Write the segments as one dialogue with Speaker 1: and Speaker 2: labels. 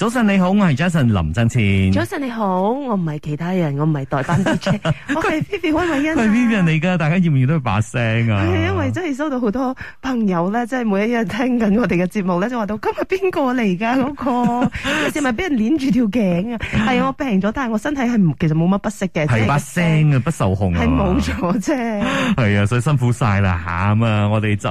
Speaker 1: 早晨你好，我係 Jason 林振前。早
Speaker 2: 晨你好，我唔係其他人，我唔係代班主持， 我係 Vivi 溫偉
Speaker 1: 欣 他。係 Vivi 嚟噶，大家要唔要都把聲啊？係
Speaker 2: 因為真係收到好多朋友咧，即、就、係、是、每一日聽緊我哋嘅節目咧，就話到今日邊個嚟噶嗰個？ 係咪俾人鏈住條頸啊？係 我病咗，但係我身體係其實冇乜不適嘅。係把聲啊，就是、聲
Speaker 1: 不受控，係冇
Speaker 2: 咗啫。
Speaker 1: 係啊，所以辛苦晒啦吓咁啊！我哋就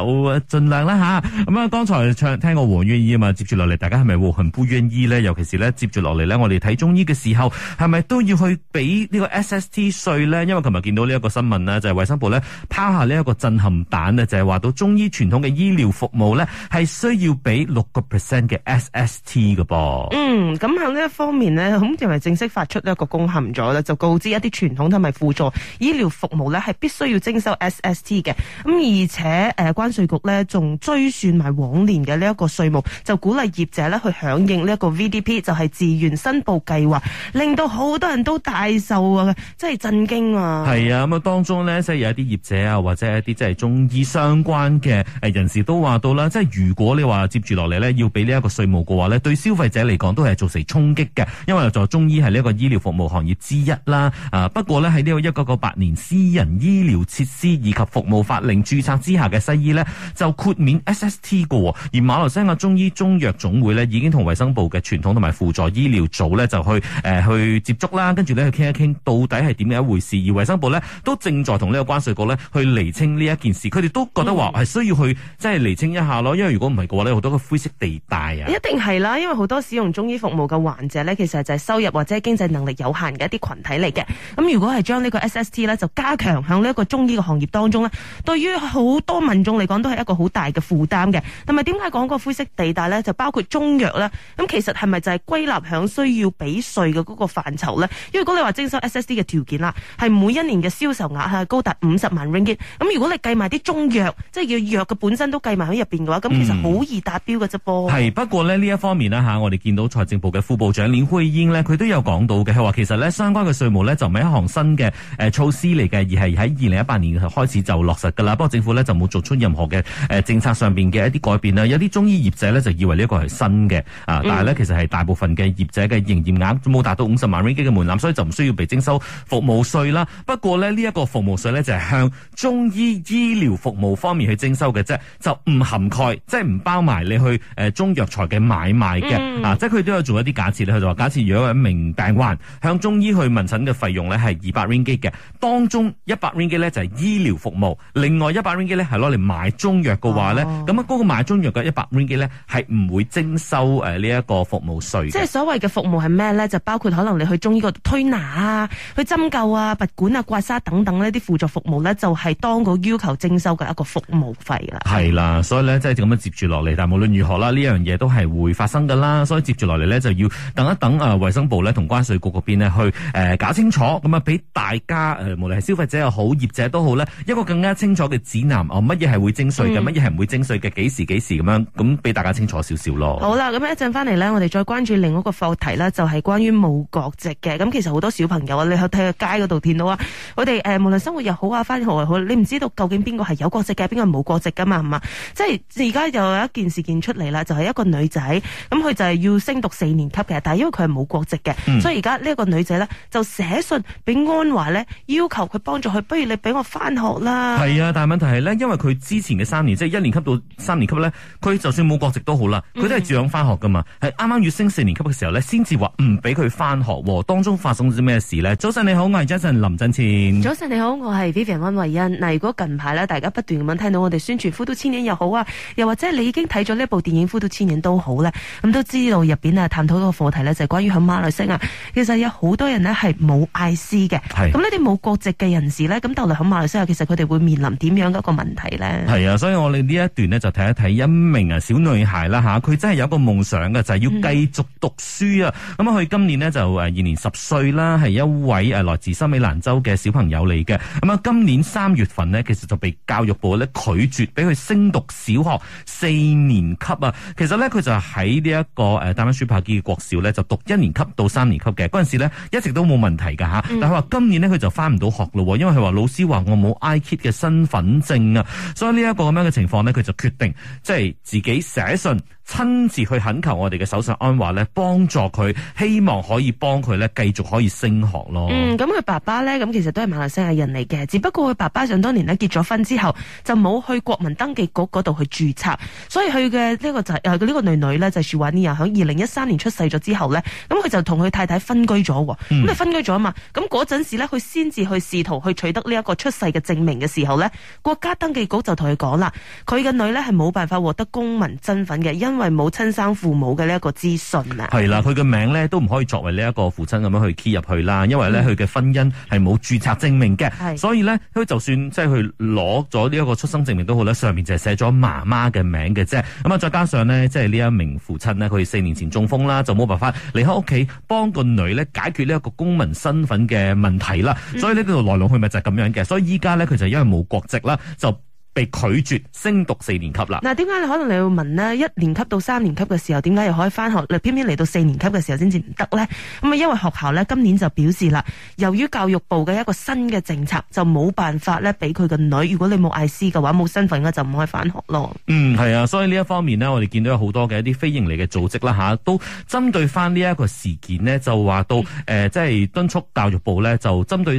Speaker 1: 盡量啦吓咁啊！剛、嗯、才唱聽過《王願意》啊嘛，接住落嚟，大家係咪和幸福願意？尤其是咧，接住落嚟咧，我哋睇中醫嘅時候，係咪都要去俾呢個 SST 稅咧？因為琴日見到呢一個新聞呢就係、是、衛生部咧拋下呢一個震撼彈呢就係話到中醫傳統嘅醫療服務咧，係需要俾六個 percent 嘅 SST 嘅噃。嗯，
Speaker 2: 咁喺呢一方面呢，咁係咪正式發出呢一個公函咗咧？就告知一啲傳統同埋輔助醫療服務咧，係必須要徵收 SST 嘅。咁而且誒，關稅局咧仲追算埋往年嘅呢一個稅務就鼓勵業者咧去響應呢一個、v B.D.P 就係自願申報計劃，令到好多人都大受啊，即係震驚啊！係
Speaker 1: 啊，咁啊當中呢，即係有一啲業者啊，或者一啲即係中醫相關嘅誒人士都話到啦，即係如果你話接住落嚟呢，要俾呢一個稅務嘅話呢，對消費者嚟講都係造成衝擊嘅，因為在中醫係呢一個醫療服務行業之一啦。啊，不過呢，喺呢個一九九八年私人醫療設施以及服務法令註冊之下嘅西醫呢，就豁免 S.S.T 嘅，而馬來西亞中醫中藥總會呢，已經同衛生部嘅。傳統同埋輔助醫療組咧，就去誒、呃、去接觸啦，跟住咧去傾一傾到底係點樣一回事。而衛生部呢，都正在同呢個關稅局呢去厘清呢一件事，佢哋都覺得話係需要去即係厘清一下咯。因為如果唔係嘅話呢，好多個灰色地帶啊，一
Speaker 2: 定係啦。因為好多使用中醫服務嘅患者呢，其實就係收入或者經濟能力有限嘅一啲群體嚟嘅。咁、嗯、如果係將呢個 SST 呢，就加強向呢一個中醫嘅行業當中呢，對於好多民眾嚟講都係一個好大嘅負擔嘅。同埋點解講個灰色地帶呢，就包括中藥呢。咁其實。係咪就係歸納喺需要俾稅嘅嗰個範疇咧？因為如果你話徵收 SSD 嘅條件啦，係每一年嘅銷售額係高達五十萬 ringgit。咁如果你計埋啲中藥，即係要藥嘅本身都計埋喺入邊嘅話，咁其實好易達標㗎啫噃。係、
Speaker 1: 嗯、不過呢呢一方面呢、啊，我哋見到財政部嘅副部長林慧英呢，佢都有講到嘅，佢話其實呢，相關嘅稅務呢，就唔係一項新嘅、呃、措施嚟嘅，而係喺二零一八年開始就落實㗎啦。不過政府呢，就冇作出任何嘅、呃、政策上面嘅一啲改變啦。有啲中醫業者呢，就以為呢一個係新嘅啊，嗯、但係呢，其實。係大部分嘅業者嘅營業額冇達到五十萬 ringgit 嘅門檻，所以就唔需要被徵收服務稅啦。不過咧，呢、這、一個服務稅咧就係、是、向中醫醫療服務方面去徵收嘅啫，就唔涵蓋，即係唔包埋你去誒中藥材嘅買賣嘅、嗯、啊！即係佢都有做一啲假設咧，佢就話假設如果有一名病患向中醫去問診嘅費用咧係二百 ringgit 嘅，當中一百 ringgit 咧就係、是、醫療服務，另外一百 ringgit 咧係攞嚟買中藥嘅話咧，咁啊嗰個買中藥嘅一百 ringgit 咧係唔會徵收誒呢一個服。冇稅，即係
Speaker 2: 所謂嘅服務係咩咧？就包括可能你去中醫嗰度推拿啊、去針灸啊、拔管啊、刮痧等等呢啲輔助服務咧，就係、是、當局要求徵收嘅一個服務費啦。係
Speaker 1: 啦，所以咧即係咁樣接住落嚟，但係無論如何啦，呢樣嘢都係會發生㗎啦。所以接住落嚟咧，就要等一等啊，衞生部咧同關稅局嗰邊咧去誒、呃、搞清楚，咁啊俾大家誒，無論係消費者又好、業者都好咧，一個更加清楚嘅指南哦，乜嘢係會徵稅嘅，乜嘢係唔會徵稅嘅，幾時幾時咁樣咁俾大家清楚少少咯。好
Speaker 2: 啦，咁一陣翻嚟咧，我哋。再關注另一個課題啦，就係、是、關於冇國籍嘅。咁其實好多小朋友啊，你去睇下街嗰度見到啊，我哋誒無論生活又好啊，翻學又好，你唔知道究竟邊個係有國籍嘅，邊個係冇國籍噶嘛，係嘛？即係而家又有一件事件出嚟啦，就係、是、一個女仔，咁佢就係要升讀四年級嘅，但係因為佢係冇國籍嘅，嗯、所以而家呢一個女仔咧就寫信俾安華咧，要求佢幫助佢，不如你俾我翻學啦。係
Speaker 1: 啊，但係問題係咧，因為佢之前嘅三年，即係一年級到三年級咧，佢就算冇國籍好都好啦，佢都係照樣翻學噶嘛，係啱啱。月升四年級嘅時候呢，先至話唔俾佢翻學。當中發生咗咩事呢？早晨你好，我艾嘉振林振千。早
Speaker 2: 晨你好，我係 Vivian 溫慧欣。嚟，如果近排咧，大家不斷咁樣聽到我哋宣傳《呼都千年》又好啊，又或者你已經睇咗呢一部電影《呼都千年》都好咧，咁都知道入邊啊探討個課題呢，就係關於響馬來西亞，其實有好多人呢，係冇 I C 嘅。咁呢啲冇國籍嘅人士呢，咁逗留響馬來西亞，其實佢哋會面臨點樣一個問題呢？
Speaker 1: 係啊，所以我哋呢一段呢，就睇一睇一名啊小女孩啦吓，佢真係有個夢想嘅，就係、是、要。繼續讀書啊！咁啊，佢今年呢，就誒二年十歲啦，係一位誒來自森美蘭州嘅小朋友嚟嘅。咁啊，今年三月份呢，其實就被教育部咧拒絕，俾佢升讀小學四年級啊。其實呢，佢就喺呢一個誒丹尼書帕基嘅國小呢，就讀一年級到三年級嘅。嗰陣時呢一直都冇問題噶吓。嗯、但係話今年呢，佢就翻唔到學咯，因為佢話老師話我冇 i kit 嘅身份證啊，所以呢一個咁樣嘅情況呢，佢就決定即係自己寫信。親自去懇求我哋嘅首相安華咧，幫助佢，希望可以幫佢咧繼續可以升學咯。嗯，
Speaker 2: 咁佢爸爸咧，咁其實都係馬來西亞人嚟嘅，只不過佢爸爸上多年咧結咗婚之後，就冇去國民登記局嗰度去注冊，所以佢嘅呢個仔誒，呢、這個女女咧就舒華尼亞喺二零一三年出世咗之後咧，咁佢就同佢太太分居咗，咁啊、嗯、分居咗啊嘛，咁嗰陣時咧，佢先至去試圖去取得呢一個出世嘅證明嘅時候咧，國家登記局就同佢講啦，佢嘅女咧係冇辦法獲得公民身份嘅因。因為冇親生父母嘅呢一個資訊啊，係啦、啊，佢
Speaker 1: 嘅名咧都唔可以作為呢一個父親咁樣去揭入去啦，因為咧佢嘅婚姻係冇註冊證明嘅，嗯、所以咧佢就算即係去攞咗呢一個出生證明都好咧，上面淨係寫咗媽媽嘅名嘅啫，咁啊再加上呢，即係呢一名父親呢，佢四年前中風啦，就冇辦法離開屋企幫個女咧解決呢一個公民身份嘅問題啦，所以呢度來龍去脈咪就係咁樣嘅，所以依家咧佢就因為冇國籍啦，就。被拒絕升讀四年級
Speaker 2: 啦！嗱，點解你可能你要問呢？一年級到三年級嘅時候，點解又可以翻學？你偏偏嚟到四年級嘅時候先至唔得呢？咁啊，因為學校呢，今年就表示啦，由於教育部嘅一個新嘅政策，就冇辦法咧俾佢個女，如果你冇 IC 嘅話，冇身份嘅就唔可以翻學咯。嗯，
Speaker 1: 係啊，所以呢一方面呢，我哋見到有好多嘅一啲非營利嘅組織啦，吓、啊，都針對翻呢一個事件呢，就話到誒，即係、嗯呃就是、敦促教育部呢，就針對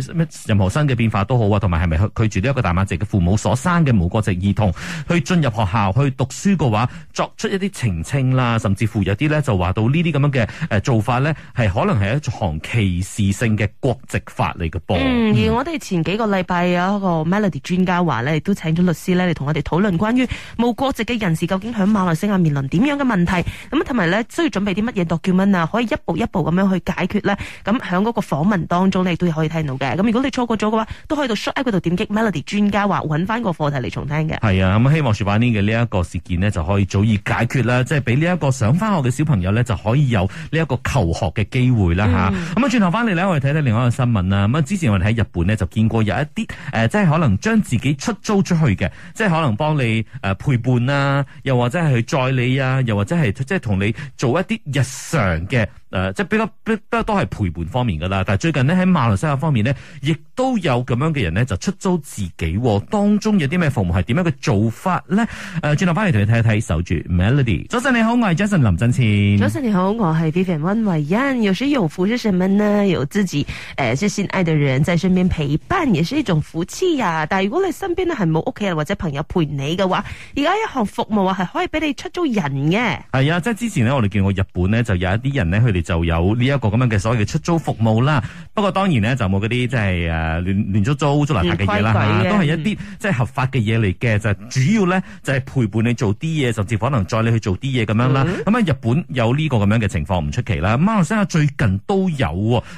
Speaker 1: 任何新嘅變化都好啊，同埋係咪拒絕呢一個大馬籍嘅父母所生嘅？無國籍兒童去進入學校去讀書嘅話，作出一啲澄清啦，甚至乎有啲咧，就話到呢啲咁樣嘅誒做法咧，係可能係一行歧視性嘅國籍法嚟嘅噃。嗯，
Speaker 2: 而我哋前幾個禮拜、嗯、有一個 Melody 專家話咧，亦都請咗律師咧嚟同我哋討論關於冇國籍嘅人士究竟響馬來西亞面臨點樣嘅問題，咁同埋咧需要準備啲乜嘢 document 啊，可以一步一步咁樣去解決咧。咁響嗰個訪問當中，你亦都可以聽到嘅。咁如果你錯過咗嘅話，都可以到 short 嗰度點擊 Melody 專家話揾翻個課題嚟。重
Speaker 1: 聽嘅係啊，咁希望說板呢嘅呢一個事件呢，就可以早日解決啦，即係俾呢一個想翻學嘅小朋友呢，就可以有呢一個求學嘅機會啦吓，咁、嗯、啊，轉頭翻嚟呢，我哋睇睇另外一個新聞啦。咁啊，之前我哋喺日本呢，就見過有一啲誒、呃，即係可能將自己出租出去嘅，即係可能幫你誒、呃、陪伴啊，又或者係去載你啊，又或者係即係同你做一啲日常嘅。誒、呃，即係比較、比較多係陪伴方面噶啦。但係最近呢，喺馬來西亞方面呢，亦都有咁樣嘅人呢，就出租自己、哦。當中有啲咩服務係點樣嘅做法呢？誒、呃，轉頭翻嚟同你睇一睇，守住 Melody。早晨你好，我係 Jason 林振前。早
Speaker 2: 晨你好，我係 Vivian 溫慧欣。有時用服務是什麼呢？有自己誒，最、呃、心愛的人在身邊陪伴，也是一種福氣呀、啊。但係如果你身邊咧係冇屋企或者朋友陪你嘅話，而家一項服務啊係可以俾你出租人嘅。
Speaker 1: 係啊、哎，即係之前呢，我哋見過日本呢，就有一啲人呢。佢哋。就有呢一個咁樣嘅所謂嘅出租服務啦，不過當然咧就冇嗰啲即係誒亂亂租租租嚟嘅嘢啦，吓都係一啲即係合法嘅嘢嚟嘅，就主要咧就係、是、陪伴你做啲嘢，甚至可能載你去做啲嘢咁樣啦。咁啊、嗯、日本有呢個咁樣嘅情況唔出奇啦。馬來西亞最近都有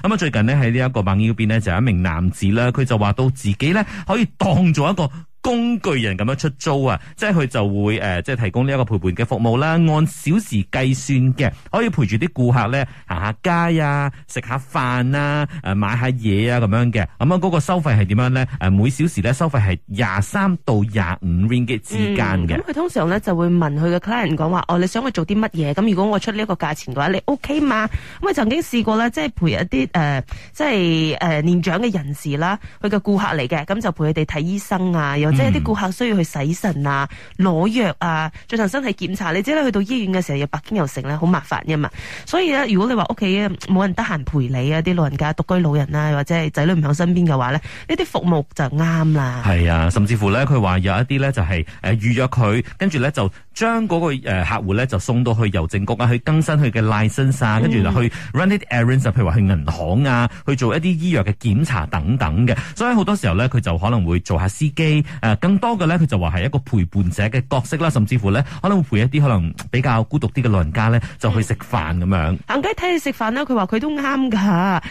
Speaker 1: 咁啊，最近呢，喺呢一個孟伊嗰邊呢，就有一名男子啦，佢就話到自己咧可以當做一個工具人咁樣出租啊，即係佢就會誒、呃、即係提供呢一個陪伴嘅服務啦，按小時計算嘅，可以陪住啲顧客咧行下街啊，食下飯啊，誒買下嘢啊咁樣嘅。咁啊，嗰、嗯個、收費係點樣咧？誒每小時咧收費係廿三到廿五 ringgit 之間嘅。咁佢、
Speaker 2: 嗯、通常咧就會問佢嘅 client 講話，哦，你想去做啲乜嘢？咁如果我出呢個價錢嘅話，你 OK 嘛？咁我曾經試過咧，即係陪一啲誒、呃、即係誒年長嘅人士啦，佢嘅顧客嚟嘅，咁就陪佢哋睇醫生啊，有。即係啲顧客需要去洗腎啊、攞藥啊、進行身體檢查，你知啦，去到醫院嘅時候白經有白天又成咧，好麻煩嘅嘛。所以咧，如果你話屋企冇人得閒陪你啊，啲老人家獨居老人啊，或者係仔女唔喺身邊嘅話咧，呢啲服務就啱啦。
Speaker 1: 係啊，甚至乎咧，佢話有一啲咧就係誒預約佢，跟住咧就。將嗰個客戶咧就送到去郵政局啊，去更新佢嘅 license 啊、嗯，跟住就去 run 啲 errands 啊，譬如話去銀行啊，去做一啲醫藥嘅檢查等等嘅。所以好多時候咧，佢就可能會做下司機，誒更多嘅咧，佢就話係一個陪伴者嘅角色啦，甚至乎咧可能會陪一啲可能比較孤獨啲嘅老人家咧，就去食飯咁樣。
Speaker 2: 行街睇佢食飯啦，佢話佢都啱㗎，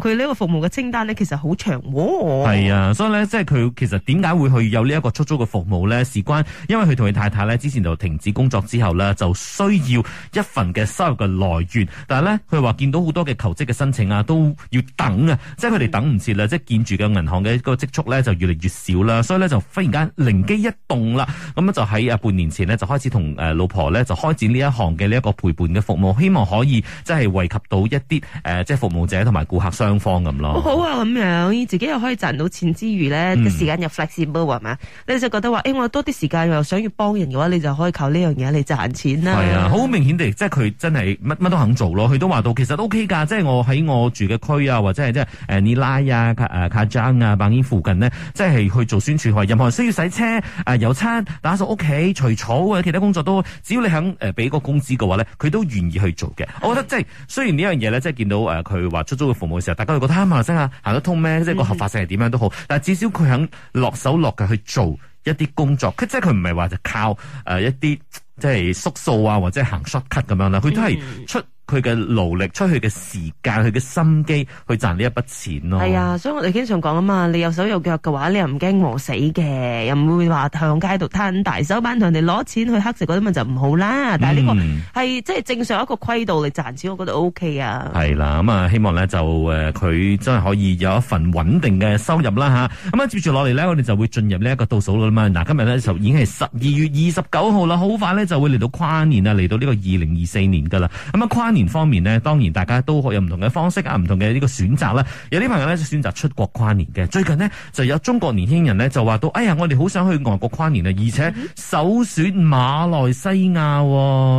Speaker 2: 佢呢個服務嘅清單咧其實好長。係
Speaker 1: 啊，所以咧即係佢其實點解會去有呢一個出租嘅服務咧？事關因為佢同佢太太咧之前就。停止工作之後呢，就需要一份嘅收入嘅來源。但係呢，佢話見到好多嘅求職嘅申請啊，都要等啊，即係佢哋等唔切啦。即係建住嘅銀行嘅一個積蓄呢，就越嚟越少啦。所以呢，就忽然間靈機一動啦，咁樣就喺啊半年前呢，就開始同誒老婆呢，就開展呢一行嘅呢一個陪伴嘅服務，希望可以即係惠及到一啲誒、呃、即係服務者同埋顧客雙方咁咯，哦。
Speaker 2: 好啊，咁樣、啊、自己又可以賺到錢之餘咧，嗯、時間又 flexible 係嘛，你就覺得話誒、欸、我多啲時間又想要幫人嘅話，你就可以。靠呢樣嘢嚟賺錢啦，係啊，好
Speaker 1: 明顯地，即係佢真係乜乜都肯做咯。佢都話到，其實都 OK 㗎，即係我喺我住嘅區啊，或者係即係誒尼拉呀、誒卡章啊、白煙、啊、附近呢，即係去做宣傳去。任何人需要洗車、誒、呃、油漆打掃屋企、除草啊，其他工作都，只要你肯畀俾、呃、個工資嘅話咧，佢都願意去做嘅。的我覺得即係雖然呢樣嘢咧，即係見到誒佢話出租嘅服務嘅時候，大家會覺得嚇真啊行得通咩？嗯、即係個合法性係點樣都好，但係至少佢肯落手落腳去做。一啲工作，即係佢唔係話就靠誒、呃、一啲即係縮數啊，或者行 shortcut 咁樣啦，佢都係出嗯佢嘅勞力、出去嘅時間、佢嘅心機去賺呢一筆錢咯。係啊、
Speaker 2: 哎，所以我哋經常講啊嘛，你有手有腳嘅話，你又唔驚餓死嘅，又唔會話向街度攤大手板同人哋攞錢去黑食嗰啲咪就唔好啦。嗯、但係呢個係即係正常一個規度嚟賺錢，我覺得 O、OK、K 啊。係
Speaker 1: 啦，咁、嗯、啊，希望呢就誒，佢、呃、真係可以有一份穩定嘅收入啦吓，咁啊，嗯、接住落嚟呢，我哋就會進入呢一個倒數啦嘛。嗱，今日呢就已經係十二月二十九號啦，好快呢就會嚟到跨年啦，嚟到呢個二零二四年噶啦。咁啊，跨年年方面咧，當然大家都有唔同嘅方式啊，唔同嘅呢個選擇啦。有啲朋友咧就選擇出國跨年嘅，最近咧就有中國年輕人咧就話到，哎呀，我哋好想去外國跨年啊，而且首選馬來西亞。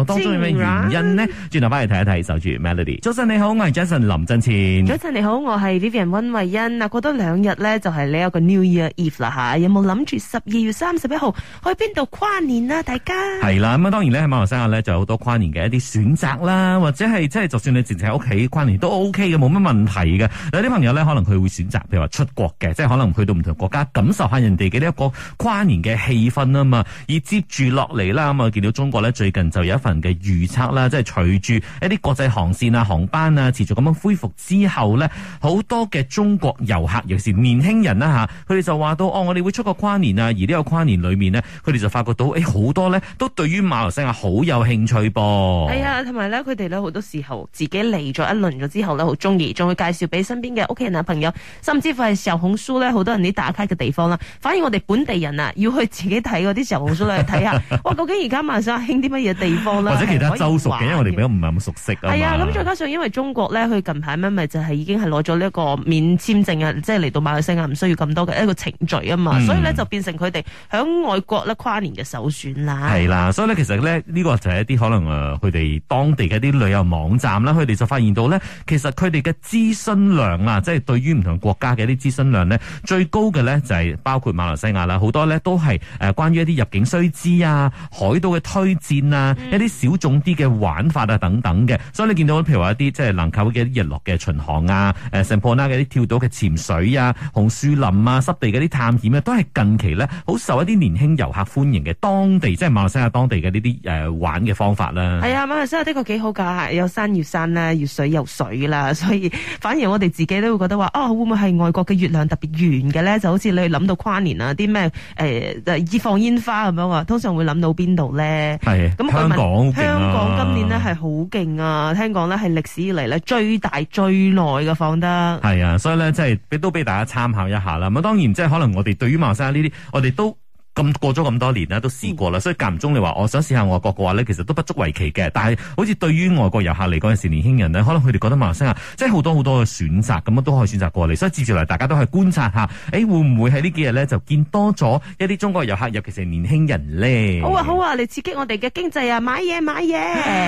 Speaker 1: 當中有咩原因呢？轉頭翻嚟睇一睇。守住 Melody 早晨你好，我係 Jason 林振前。早
Speaker 2: 晨你好，我係 Vivian 温慧欣啊。過多兩日咧就係你有個 New Year Eve 啦嚇，有冇諗住十二月三十一號去邊度跨年啊？大家
Speaker 1: 係啦，咁啊當然咧喺馬來西亞咧就有好多跨年嘅一啲選擇啦，或者。係即係，就是、就算你淨係喺屋企跨年都 OK 嘅，冇乜問題嘅。有啲朋友咧，可能佢會選擇，譬如話出國嘅，即係可能去到唔同國家感受下人哋嘅呢一個跨年嘅氣氛啊嘛。而接住落嚟啦，咁、嗯、啊見到中國咧最近就有一份嘅預測啦，即係隨住一啲國際航線啊、航班啊持續咁樣恢復之後咧，好多嘅中國遊客，尤其是年輕人啦、啊、吓，佢哋就話到哦，我哋會出個跨年啊，而呢個跨年裏面呢，佢哋就發覺到誒，好、欸、多咧都對於馬來西亞好有興趣噃。係啊，同埋咧，佢哋咧
Speaker 2: 好到時候自己嚟咗一輪咗之後咧，好中意，仲會介紹俾身邊嘅屋企人啊、朋友，甚至乎係小紅書咧，好多人啲打卡嘅地方啦。反而我哋本地人啊，要去自己睇嗰啲小紅書去睇下。哇，究竟而家馬來西亞興啲乜嘢地方咧？或者其他周熟嘅，因為我哋比
Speaker 1: 較唔係咁熟悉。係啊，咁再
Speaker 2: 加上因為中國呢，佢近排咧咪就係已經係攞咗呢一個免簽證啊，即係嚟到馬來西亞唔需要咁多嘅一個程序啊嘛，嗯、所以呢，就變成佢哋響外國跨年嘅首選啦。係啦、啊，
Speaker 1: 所以呢，其實呢，呢、呢個就係一啲可能誒，佢、呃、哋當地嘅一啲旅遊。網站啦，佢哋就發現到呢，其實佢哋嘅諮詢量啊，即、就、係、是、對於唔同國家嘅一啲諮詢量呢，最高嘅呢就係包括馬來西亞啦，好多呢都係誒關於一啲入境須知啊、海島嘅推薦啊、嗯、一啲小眾啲嘅玩法啊等等嘅。所以你見到譬如話一啲即係能夠嘅日落嘅巡航啊、誒聖普拉嘅一啲跳島嘅潛水啊、紅樹林啊、濕地嗰啲探險啊，都係近期呢好受一啲年輕遊客歡迎嘅當地即係、就是、馬來西亞當地嘅呢啲誒玩嘅方法啦、啊。係啊，馬
Speaker 2: 來西亞的確幾好噶，有山越山啦，越水有水啦，所以反而我哋自己都會覺得話，哦、啊，會唔會係外國嘅月亮特別圓嘅咧？就好似你去諗到跨年啊，啲咩，誒，放、欸、煙花咁樣啊，通常會諗到邊度咧？係的。咁香港、啊、香港今年咧係好勁啊，聽講咧係歷史以嚟咧，最大最耐嘅放得。
Speaker 1: 係啊，所以咧即係都俾大家參考一下啦。咁當然即係可能我哋對於馬來西亞呢啲，我哋都。咁過咗咁多年咧，都試過啦，嗯、所以間唔中你話我想試下外國嘅話咧，其實都不足為奇嘅。但係好似對於外國遊客嚟嗰陣時，年輕人咧，可能佢哋覺得馬來西亞，即係好多好多嘅選擇，咁樣都可以選擇過嚟。所以接住嚟，大家都去觀察下，誒、欸、會唔會喺呢幾日咧就見多咗一啲中國遊客入，尤其係年輕人咧、啊，
Speaker 2: 好啊好啊嚟刺激我哋嘅經濟啊，買嘢買嘢。